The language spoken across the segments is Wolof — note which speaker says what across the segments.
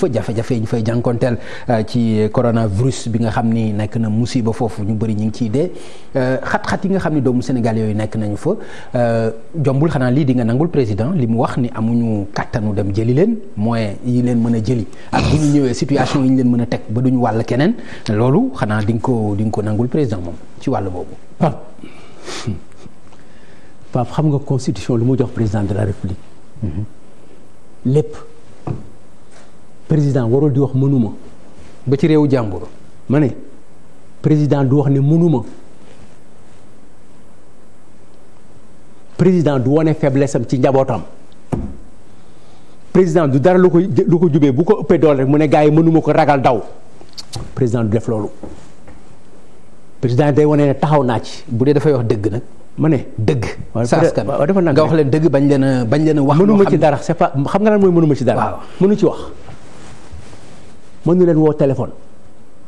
Speaker 1: fa jafe-jafe ñu fay jànkonteel euh, ci coronavirus bi nga xam ni nekk na musiba foofu ñu bëri ñu ngi ciy dee euh, xat-xat yi nga xam ni doomu Sénégal yooyu nekk nañu fa euh, jombul xanaa lii di nga nangul président li mu wax ni amuñu kàttanu dem jëli leen moyen yi leen mën a jëli ak bu ñu ñëwee situation yi ñu leen mën a teg ba duñu wàll keneen loolu xanaa dinga ko di nga ko nangul président moom ci wàll boobu. Pape Pape xam nga constitution lu mu jox président de la république. Mhm. président warul di wax mënuma ba ci réewu jàmbur ma ne président du wax ne mënuma président du wane faiblesse am ci njabootam président du dara lu ko lu ko jubee bu ko ëppee doole rek mu ne gars yi mënuma ko ragal daw président du def loolu président day wane ne taxaw naa ci. bu dee dafay wax dëgg nag. ma ne dëgg. saa askan nga wax leen dëgg bañ leen a bañ leen a wax. mënuma ci dara c'est pas xam nga lan mooy mënuma ci dara. mënu ci wax. mën na leen woo téléphone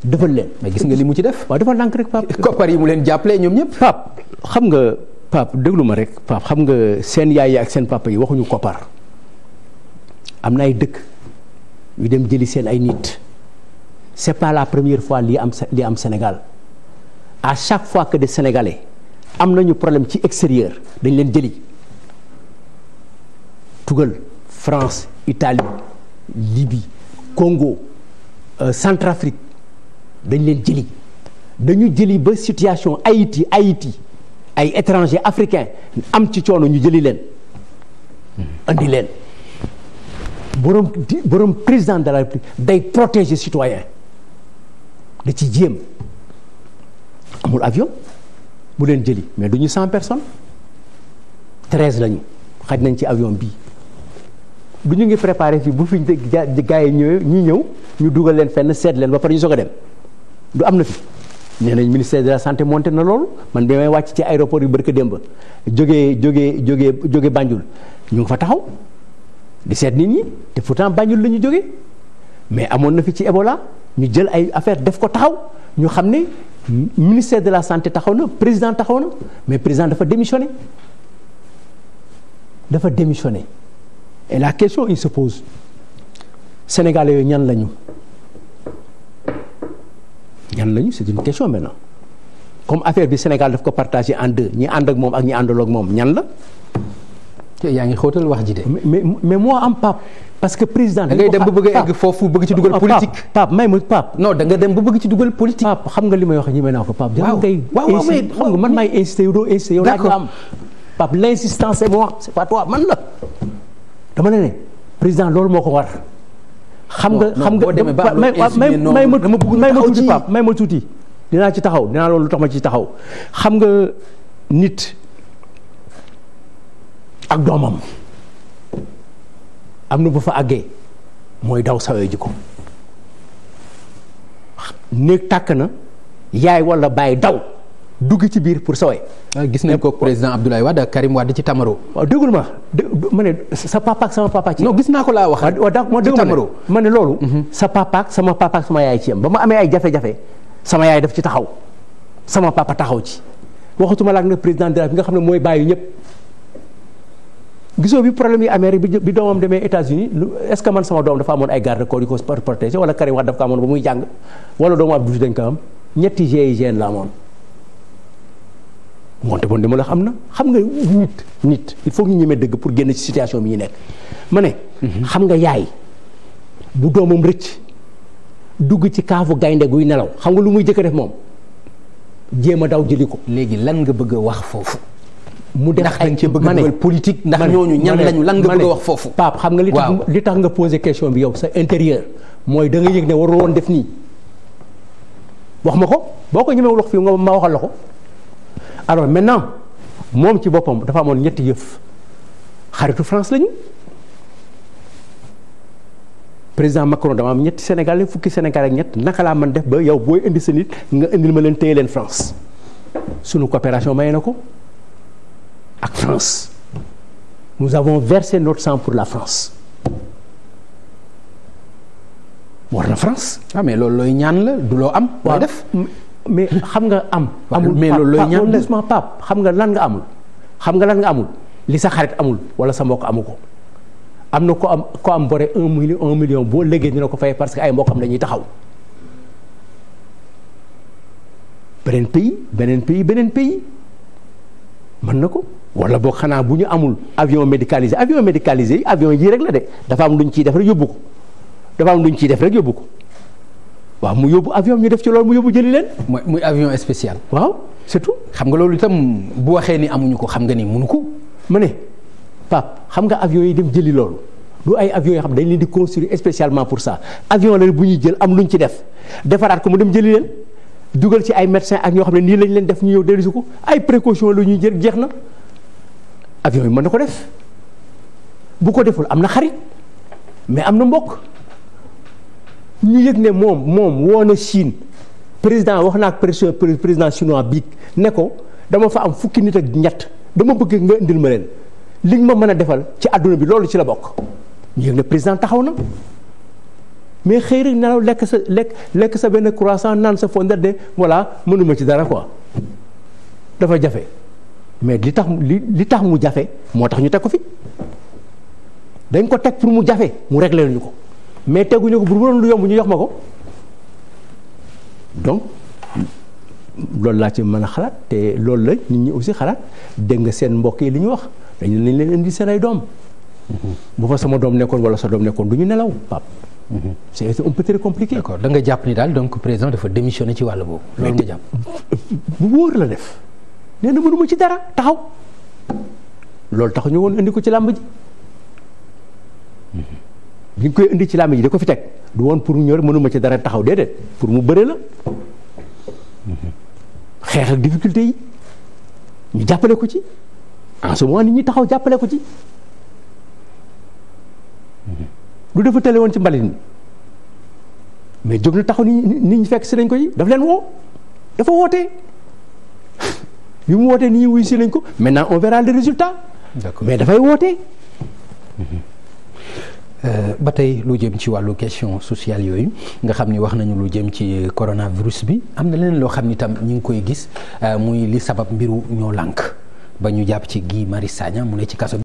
Speaker 1: defal leen. mais gis nga li mu ci def. waaw defal ndànk rek Pape. koppar yi mu leen jàppale ñoom ñëpp. Pape xam nga Pape déglu ma rek Pape xam nga seen yaay yi ak seen papa yi waxuñu koppar am na ay dëkk ñu dem jëli seen ay nit c'est pas la première fois lii am lii am Sénégal à chaque fois que de Sénégalais am na ñu problème ci extérieur dañ leen jëli Tugal France Italie Libye Congo. Euh, Centrafrique dañ leen jëli dañu jëli ba situation Haïti Haïti ay étrangers africains am ci coono ñu jëli leen andi leen borom borom président de la République day protéger citoyen da ci jéem amul avion mu leen jëli mais du cent personnes treize lañu xaj nañ ci avion bii du ñu ngi préparé fii bu fi gaa yi ñëwee ñu ñëw ñu dugal leen fenn seet leen ba pare ñu soog a dem du am na fi nee nañ ministère de la santé monté na loolu man bi may wàcc ci aéroport yu barka démb jógee jógee jógee jóge Banjul ñu ngi fa taxaw di seet nit ñi te pourtant Banjul la ñu jóge mais amoon na fi ci Ebola ñu jël ay affaire def ko taxaw ñu xam ne ministère de la santé taxaw na président taxaw na mais président dafa démissionné dafa démissionné. et la question il se pose sénégalais yooyu ñan lañu ñan lañu c'est une question maintenant comme affaire bi Sénégal daf ko partagé ànd deux ñi ànd ak moom ak ñi àndul ak moom ñan la. yaa ngi xóotal wax ji de. mais mais moo am parce que président. da dem ba bëgg a foofu bëgg ci dugal oh, politique. Pape may ma Pape. non da dem ba bëgg ci dugal politique. Pape xam nga li may wax ñi may naa ko Pape. waaw waaw man maay insisté yow doo insisté yow. d'accord Pape l'insistance c'est moi c'est pas man la. dama ne ne président loolu moo ko war. xam nga xam nga may may may ma may ma tuuti Pape ma tuuti dinaa ci taxaw dinaa loolu tax ma ci taxaw xam nga nit ak doomam am na bu fa àggee mooy daw sawee ji ko néeg tàkk na yaay walla bàyyi daw dugg ci biir pour sowee. Ah, gis nañ ko président Abdoulaye Wade ak Karim Wade ci Tamaro. waaw déggul ma ma ne sa papa ak sama papa. gis naa ko laa wax. Ah, waaw daa ma dégg ma ne loolu. Mhm. sa papa ak sama papa ak sama yaay ci am ba ma amee ay jafe-jafe sama yaay def ci taxaw sama papa taxaw ci waxatuma la ak nag président de la nga xam ne mooy bàyyi ñëpp. gisoo bi problème yi amee rek bi doomam demee États-Unis est-ce que man sama doom dafa amoon ay garde corps yu ko protéger wala Karim Wade dafa ko amoon ba muy jàng wala doomu Abdou ko am ñetti GIGN la amoon. moonte bon li ma la xam na xam nga nit il faut ñu ñemee dëgg pour génn ci situation bi ñu nekk ma ne. Mhm. xam nga yaay bu doomam rëcc dugg ci kaafu gaynde guy nelaw xam nga lu muy jëkk def moom jéem a daw jëli ko. léegi lan nga bëgg a wax foofu. mu def ay ma ne politique ndax ñooñu ñan lañu lan nga bëgg a wax foofu. Pape xam nga li tax li tax nga posé question bi yow sa intérieur mooy da nga yëg ne warul woon def nii wax ma ko boo ko ñemee wax fii nga ma waxal la ko. alors maintenant moom ci boppam dafa amoon ñetti yëf xaritu France lañu président Macron dama am ñetti Sénégalais fukki Sénégalais ak ñett naka laa mën def ba yow booy indi sa nit nga indil ma leen téye leen France sunu coopération maye na ko ak France nous avons versé notre sang pour la France. war na France. ah loolu looy ñaan la du loo am. waaw def mais xam nga am. amul mais loolu looy ñaan honnêtement Pape xam nga lan nga amul. xam nga lan nga amul li sa xarit amul wala sa mbokk amu ko am na ko am ko am bore un million un million boo léegi dina ko fay parce que ay mbokk am dañuy taxaw. beneen pays beneen pays beneen pays mën na ko wala boog xanaa bu ñu amul avion médicalisé avion médicalisé avion yii rek la de dafa am lu ñu ciy def rek yóbbu ko dafa am lu ñu ciy def rek yóbbu ko. waaw mu yóbbu avion ñu def ci loolu yóbbu jëli leen. mooy muy avion spécial. waaw c'est xam nga loolu itam bu waxee ni amuñu ko xam nga ni munu ko. ma ne Pape xam nga avion yi dem jëli loolu du ay avion yoo xam dañ leen di construire spécialement pour ça avion la bu ñuy jël am lu ñu ci def defaraat ko mu dem jëli leen dugal ci ay médecins ak ñoo xam ne nii lañ leen def ñu ñëw dellusi ko ay précaution la ñuy jël jeex na avion yi mën na ko def bu ko deful am na xarit mais am na mbokk. ñu yëg ne moom moom woo na Chine président wax na ak président chinois bi ne ko dama fa am fukki nit ak ñett dama bëgg nga indil ma leen li ma mën a defal ci àdduna bi loolu ci la bokk ñu yëg ne président taxaw na mais xëy rek nelaw lekk sa lekk lekk sa benn croissant naan sa fonde de voilà mënuma ci dara quoi dafa jafe mais li tax li li tax mu jafe moo tax ñu teg ko fi dañ ko teg pour mu jafe mu réglé ñu ko. mais teguñu ko bu doon lu yomb ñu jox ma ko donc loolu laa ci mën a xalaat te loolu la nit ñi aussi xalaat dégg nga seen mbokk yi li ñu wax dañu nañ leen indi seen ay doom. bu fa sama doom nekkoon wala sa doom nekkoon du ñu nelaw Pape. c' est un peu très compliqué. d' da nga jàpp ni daal donc président dafa démissionné ci wàll boobu. loolu nga jàpp bu wóor la def nee mënuma ci dara taxaw loolu tax ñu woon indi ko ci làmb ji. ñu ngi koy indi ci làmb ji da ko fi teg du woon pour ñoo rek mënuma ci dara taxaw déedéet pour mu bëre la xeex ak difficulté yi ñu jàppale ko ci en ce moment nit ñi taxaw jàppale ko ci lu dafa tële woon ci mbalit mais jóg na taxaw ni nit ñi fekk si nañ ko yi daf leen woo dafa wootee bi mu wootee nit ñi wuy si nañ ko maintenant on verra le résultat mais dafay wootee Euh, ba tey lu jëm ci wàllu question sociale yooyu nga xam ni wax nañu lu jëm ci coronavirus bi am na leneen loo xam ni tam ñu ngi koy gis euh, muy li sabab mbiru ñoo lànk ba ñu jàpp ci Guy Marius Sagna mu ne ci kaso